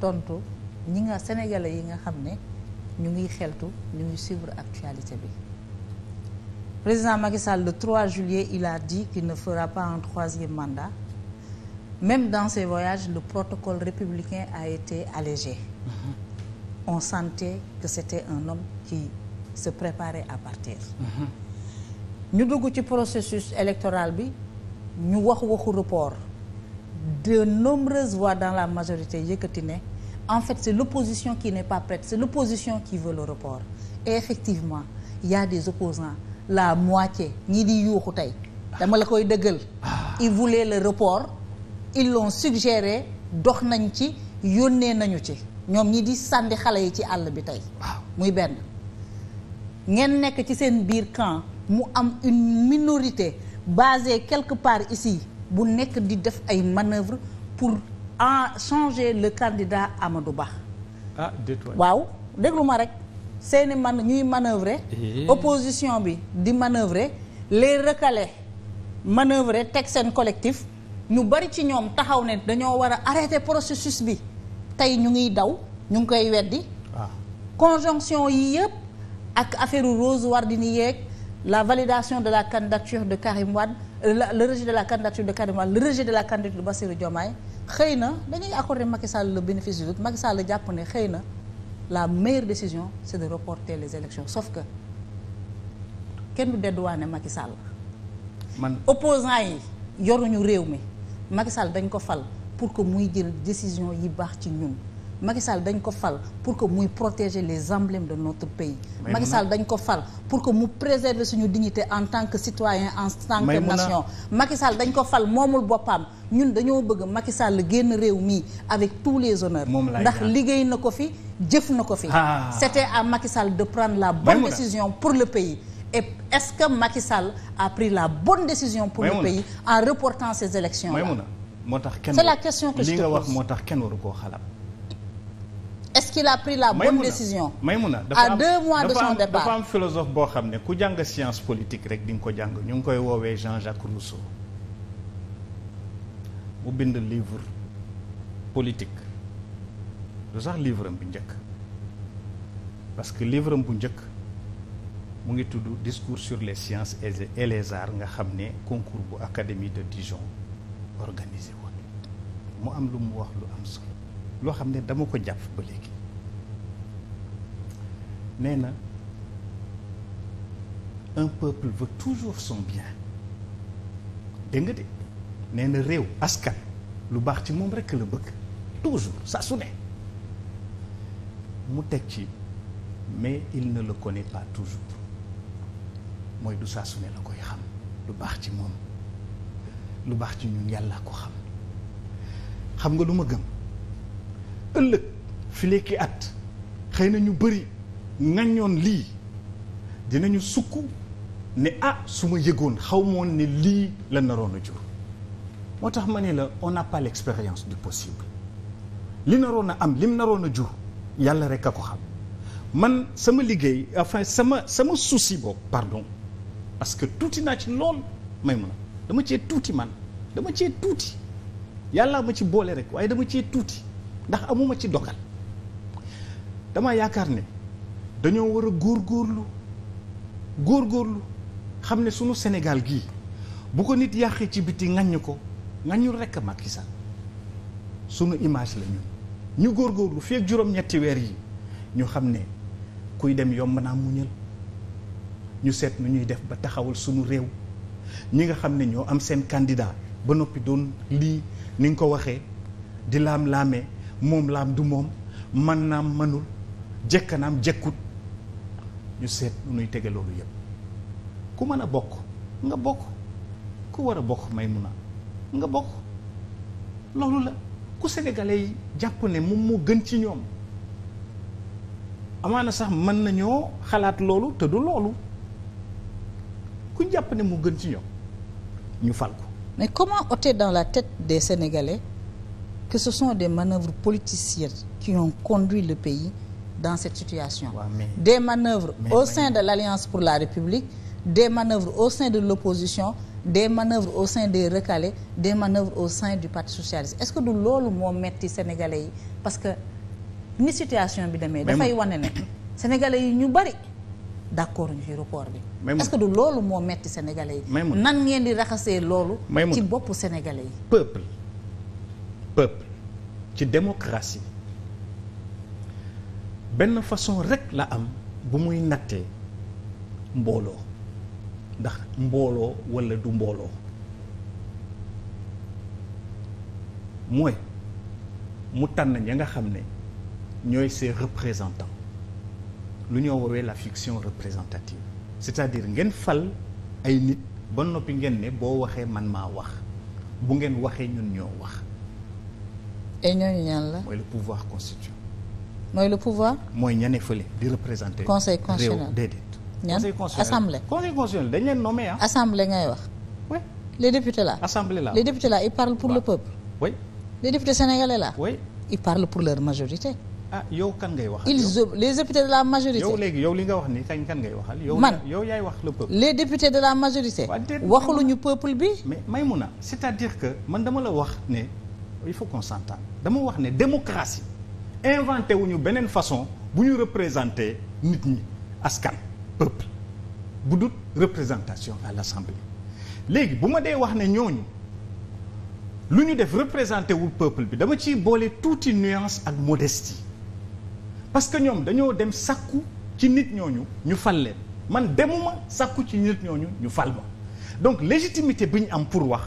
tontu ñi nga sénégalais yi nga xam ne ñu ngi xeltu ñu ngi suivre actualité bi président Macky Sall le 3 juillet il a dit qu'il ne fera pas un troisième mandat même dans ses voyage le protocole républicain a été allégé mm-hmm. on sentait que c'était un homme qui se préparait à partir mm-hmm. ñu dugg ci processus électoral bi ñu wax waxu report de nombreuses voix dans la majorité yëkkati ne en fait c'est l'opposition qui n'est pas prête c'est l'opposition qui veut le report et effectivement il y a des opposants la moitié ñii di yuuxu tey dama la koy dëggal ah. ils voulaient le report ils l'ont dox nañ ci yónnee nañu ci ñoom ñi di sànni xale yi ci àll bi tey muy benn ngeen nekk ci seen biir camp mu am une minorité basée quelque part ici bu nekk di def ay manœuvres pour a changé le candidat Amadou Ba. ah waaw déglu ma rek seeni man ñuy manœuvrer. Eh. opposition bi di manœuvrer les recalés manœuvrer teg seen collectif ñu bari ci ñoom taxaw ne dañoo war a arrêter processus bi tey ñu ngiy daw ñu ngi koy weddi. Ah. conjonction yi yëpp ak affaire Rose Wardini yeeg la validation euh, de la candidature de Karim Wade le rejet de la candidature de Karim le rejet de la candidature de Bassirou Diomaye xëy na dañuy accorder Macky Sall le bénéfice du doute Macky la jàpp ne xëy na la meilleure décision c'est de reporter les élections sauf que kenn du dédouaner Macky Sall. man opposants yi yoruñu réew mi Macky Sall dañ ko fal pour que muy jël décision yi baax ci ñun. Macky dañ ko fal pour que muy protéger les emblèmes de notre pays. Macky dañ ko fal pour que mu préserver suñu dignité en tant que citoyen en tant que nation. Macky dañ ko fal moomul boppam ñun dañoo bëgg Macky Sall génn réew mi avec tous les honneurs. ndax liggéey na ko fi jëf na ko fi. Ah. c'était à Macky Sall de prendre la bonne décision pour le pays. et est-ce que Macky Sall a pris la bonne décision pour le pays en reportant ces élections là moo tax c'est la que je te moo tax kenn waru koo xalaat est-ce qu'il a pris la bonne Maïmouna, décision. Maïmouna dafa am à dafa am philosophe boo xam ne ku jàng science politique rek di nga ko jàng ñu ngi koy woowee Jean-Jacques Rousseau mu bind livre politique lu sax livre am bu njëkk parce que livre am bu njëkk mu ngi tudd discours sur les sciences et les arts nga xam ne concours bu académie de Dijon organisé woon mu am lu mu wax lu am solo. loo xam ne dama ko jàpp ba léegi nee na un peuple veut toujours son bien dégg de nee na réew askan lu baax ci moom rekk la bëgg toujours saa su ne mu teg ci mais il ne le connaît pas toujours mooy du saa su ne la koy xam lu baax ci moom lu baax ci ñun yàlla ko xam xam nga lu ma gëm ëllëg fileeki at xëy na ñu bëri ŋaññoon lii dinañu sukk ne ah su ma yëgoon xaw moon ne lii la naroon a jur moo tax ma ne la on n'a pas l'expérience du possible li naroon a am lim naroon a jur yàlla rek a ko xam man sama liggéey enfin sama sama souci boobu pardon parce que tuuti naa ci lool may mun a dama cee tuuti man dama cee tuuti yàllaa ma ci boole rek waaye dama cee tuuti ndax amuma ci dogal dama yaakaar ne dañoo war a góor góorlu xam ne sunu Sénégal gii bu ko nit yàqee ci biti ŋaññu ko ŋaññul rekk a Macky Sall sunu image lañu ñun ñu góorgóorlu fii ak juróom-ñetti weer yi ñu xam ne kuy dem yomb naa muñal ñu seet nu ñuy def ba taxawal sunu réew ñi nga xam ne ñoo am seen candidat ba noppi doon lii ni nga ko waxee di laam-laamee moom laam du moom man naam mënul jëkkanaam jëkkut ñu seet nuy tege loolu yëpp ku mën a bokk nga bokk ku war a bokk may mun a nga bokk loolu la ku sénégalais yi jàpp ne moom mu gën ci ñoom amaana sax mën nañoo xalaat loolu te du loolu ku jàpp ne mu gën ci ñoom ñu fal ko mais comment ôter dans la tête des sénégalais que ce sont des manœuvres politiciennes qui ont conduit le pays dans cette situation. Ouais, mais, des manœuvres mais, au sein mais, de l'Alliance pour la République, de manœuvres au sein de l'opposition, de manœuvres au sein de recalés, des manœuvres au sein du Parti socialiste. Est-ce que du loolu moo metti Sénégalais yi parce que ni situation bi demee. dafay wane ne Sénégalais yi ñu bari d'accord ñu ci report bi. est-ce que du loolu moo metti Sénégalais yi. nan ngeen di raxasee loolu. ci boppu Sénégalais yi. peuple ci démocratie benn façon rek la am bu muy nattee mbooloo ndax mbooloo walla du mbooloo mooy mu tànn ña nga xam ne ñooy ses représentants lu ñoo woowee la fiction représentative c'est-à-dire ngeen fal ay nit ba noppi ngeen ne boo waxee man maa wax bu ngeen waxee ñun ñoo wax et ñooñu ñan la. mooy le pouvoir constituant. mooy le pouvoir. mooy ña ne fële di représenter. conseil constitutionnel réew déedéet. ñan assemblée conseil constitutionnel dañ leen nommé ah. assemblée ngay wax. oui les députés là. assemblée là les députés là ils parlent pour bah. le peuple. oui les députés sénégalais là. oui pour leur majorité. ah yow kan ngay wax ils les députés de la majorité. yow léegi yow li nga wax ni kañ kan ngay waxal. yow man yow yaay wax le peuple. les députés de la majorité. waxaluñu peuple bi. mais Maïmouna c'est-à-dire que man dama la wax ne. il faut qu'on s'entende dama wax ne démocratie inventé wuñu beneen façon bu ñu représenter nit ñi askan peuple bu dut représentation à l'assemblée léegi bu ma dee wax ne ñooñu lu ñu def représenté wul peuple bi dama ciy boole tuuti nuance ak modestie parce que ñoom dañoo dem sàkku ci nit ñooñu ñu fal leen man demuma sàkku ci nit ñooñu ñu fal ma donc légitimité bi ñu am pour wax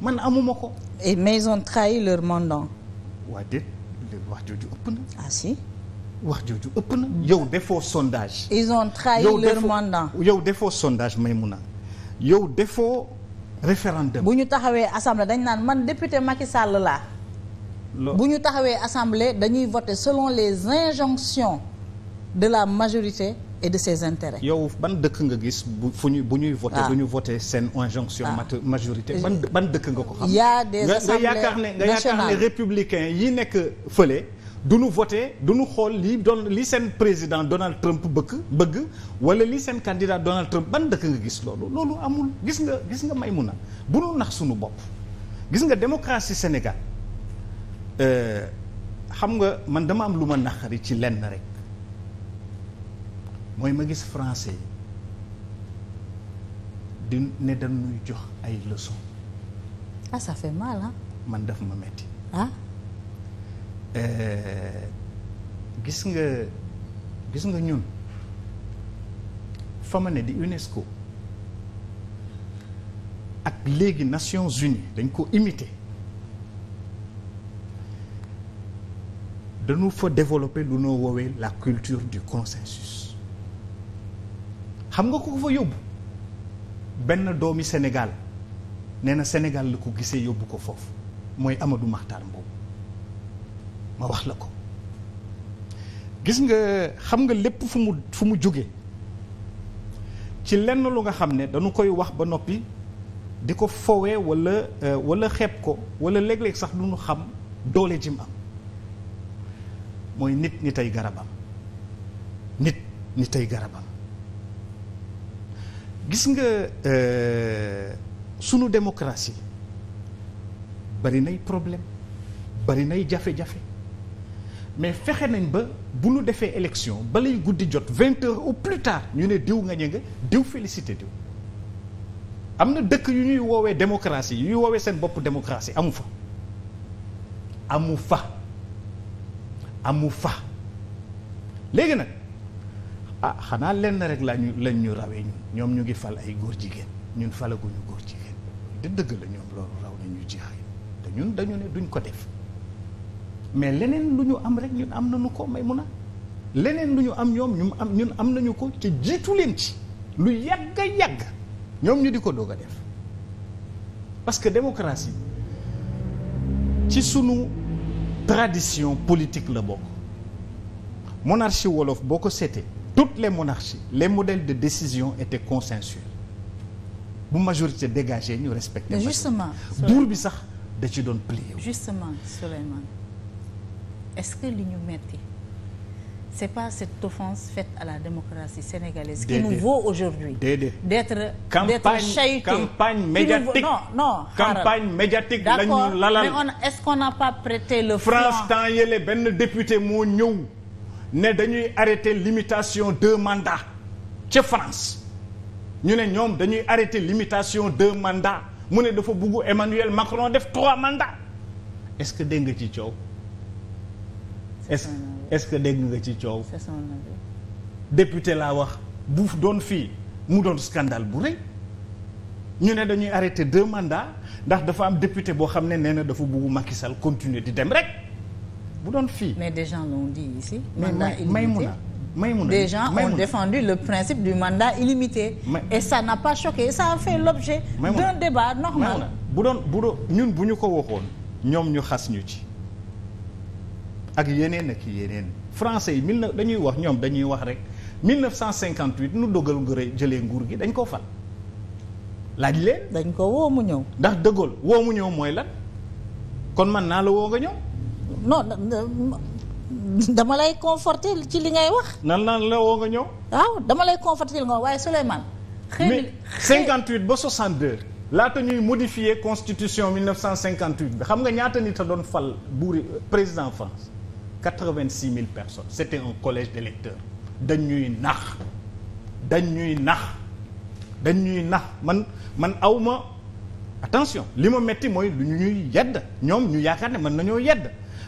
man amuma ko et mais ils ont trahi leur mandant. waa déet wax jooju ëpp na. ah si. wax jooju ëpp na. yow defoo sondage. ils ont trahi leur mandant yow defoo sondage Maïmouna yow defoo référendum. bu ñu taxawee assemblée dañ naan man député Macky Sall laa. bu ñu taxawee assemblée dañuy voter selon les injonctions de la majorité. et de ses intérêts. yow ban dëkk nga gis bu fu ñuy bu ñuy voté. du ah. ñu voté seen injonction. Ah. majorité ban ban dëkk nga ko xam. y a des assemblées nga yaakaar ne nga yaakaar ne républicain yi nekk fële. du nu voté du nu xool li doon li seen président Donald Trump bëgg bëgg wala li seen candidat Donald Trump ban dëkk nga gis loolu loolu amul gis nga gis nga may mun a bu nu nax suñu bopp gis nga démocratie Sénégal euh, xam nga man dama am lu ma naqari ci lenn rek mooy ma gis français yi di ne dañuy jox ay leçons. ah ça fait mal man daf ma metti ah. Euh, gis nga gis nga ñun fa ma ne di UNESCO ak léegi Nations Unies dañ ko imiter dañu fa développer lu noo woowee la culture du consensus. xam nga ku ko fa yóbbu benn doomi Sénégal nee na Sénégal la ko gisee yóbbu ko foofu mooy Amadou Mahtar Mbow ma wax la ko gis nga xam nga lépp fu mu fu mu jóge ci lenn lu nga xam ne dañu koy wax ba noppi di ko fowee walla euh, wala xeeb ko wala léeg-léeg sax du ñu xam doole jim mu am mooy nit nitay garabam nit nit ay garabam gis nga euh, sunu démocratie bari nay problème bari nay jafe-jafe mais fexe nañ ba bu nu defee élection balay guddi jot vingt heures au plus tard ñu ne diw nga ñë diw félicité diw am na dëkk yu ñuy woowee démocratie yuy woowee seen bopp démocratie amu fa amu fa amu fa léegi nag ah xanaa lenn rek la ñu lañ ñu rawee ñun ñoom ñu ngi fal ay góor jigéen ñun falaguñu góor jigéen de dëgg la ñoom loolu raw nañu jeexal te ñun dañu ne duñ ko def mais leneen lu ñu am rek ñun am nañu ko may mun a leneen lu ñu am ñoom ñun am ñun am nañu ko ci jiitu leen ci lu yàgg a yàgg ñoom ñu di ko doog a def parce que démocratie ci sunu tradition politique la bokk monarchie wolof boo ko seetee toutes les monarchies les modèles de décision étaient consensuels bu majorité dégagée ñu respecté. justement buur bi sax da ci doon plié justement Souleymane est-ce que li ñu metti c'est pas cette offense faite à la démocratie sénégalaise. qui nous vaut aujourd'hui déedéet d'être d'être campagne médiatique non non campagne est-ce qu'on n'a pas prêté le flanc France temps yële benn député moo ñëw. ne dañuy arrêter limitation deux mandats ca France ñu ne ñoom dañuy arrêter limitation deux mandats mu ne dafa bugg Emmanuel Macron def trois mandats est-ce que dégg nga ci coow. est est-ce que dégg nga ci coow. député laa wax bu doon fii mu doon scandale bu rëy ñu ne dañuy arrêter deux mandats ndax dafa am député boo xam ne nee na dafa buggu Macky Sall continuer di dem rek. bu doon fii. mais des gens l'ont dit may mandat mais Maïmouna Maïmouna des gens Maïmouna. ont défendu le principe du mandat illimité. Ma... et ça n'a pas choqué ça a fait l'objet d'un débat normal. bu doon bu doon ñun bu ñu ko waxoon ñoom ñu xas ñu ci ak yeneen ak yeneen français yi mille dañuy wax ñoom dañuy wax rek 1958 nu dogal nga jëlee nguur gi dañ ko fal laaj leen. dañ ko woo mu ñëw. ndax dëggool woo mu ñëw mooy lan kon man naa la woo nga ñëw. non dama lay conforter ci li ngay wax. nan nan la woo nga ñëw. waaw dama lay conforter nga waaye Souleymane. xëy na xëy na 58 ba 62. laata ñuy modifier constitution 1958 bi xam nga ñaata nit a doon fal buuri euh, président France 86 mille personnes c' était un collège d' électeurs ñuy nax dañ ñuy nax dañ ñuy nax man man awma attention li ma metti mooy lu ñu ñuy yedd ñoom ñu yaakaar ne mën nañoo yedd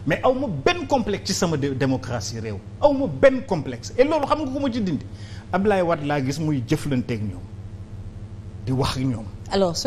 mais aw ma benn complexe ci sama de démocratie réew aw ma benn complexe et loolu xam nga ko ma ci dindi Abdoulaye Wade laa gis muy jëflanteeg ñoom di wax ak ñoom alors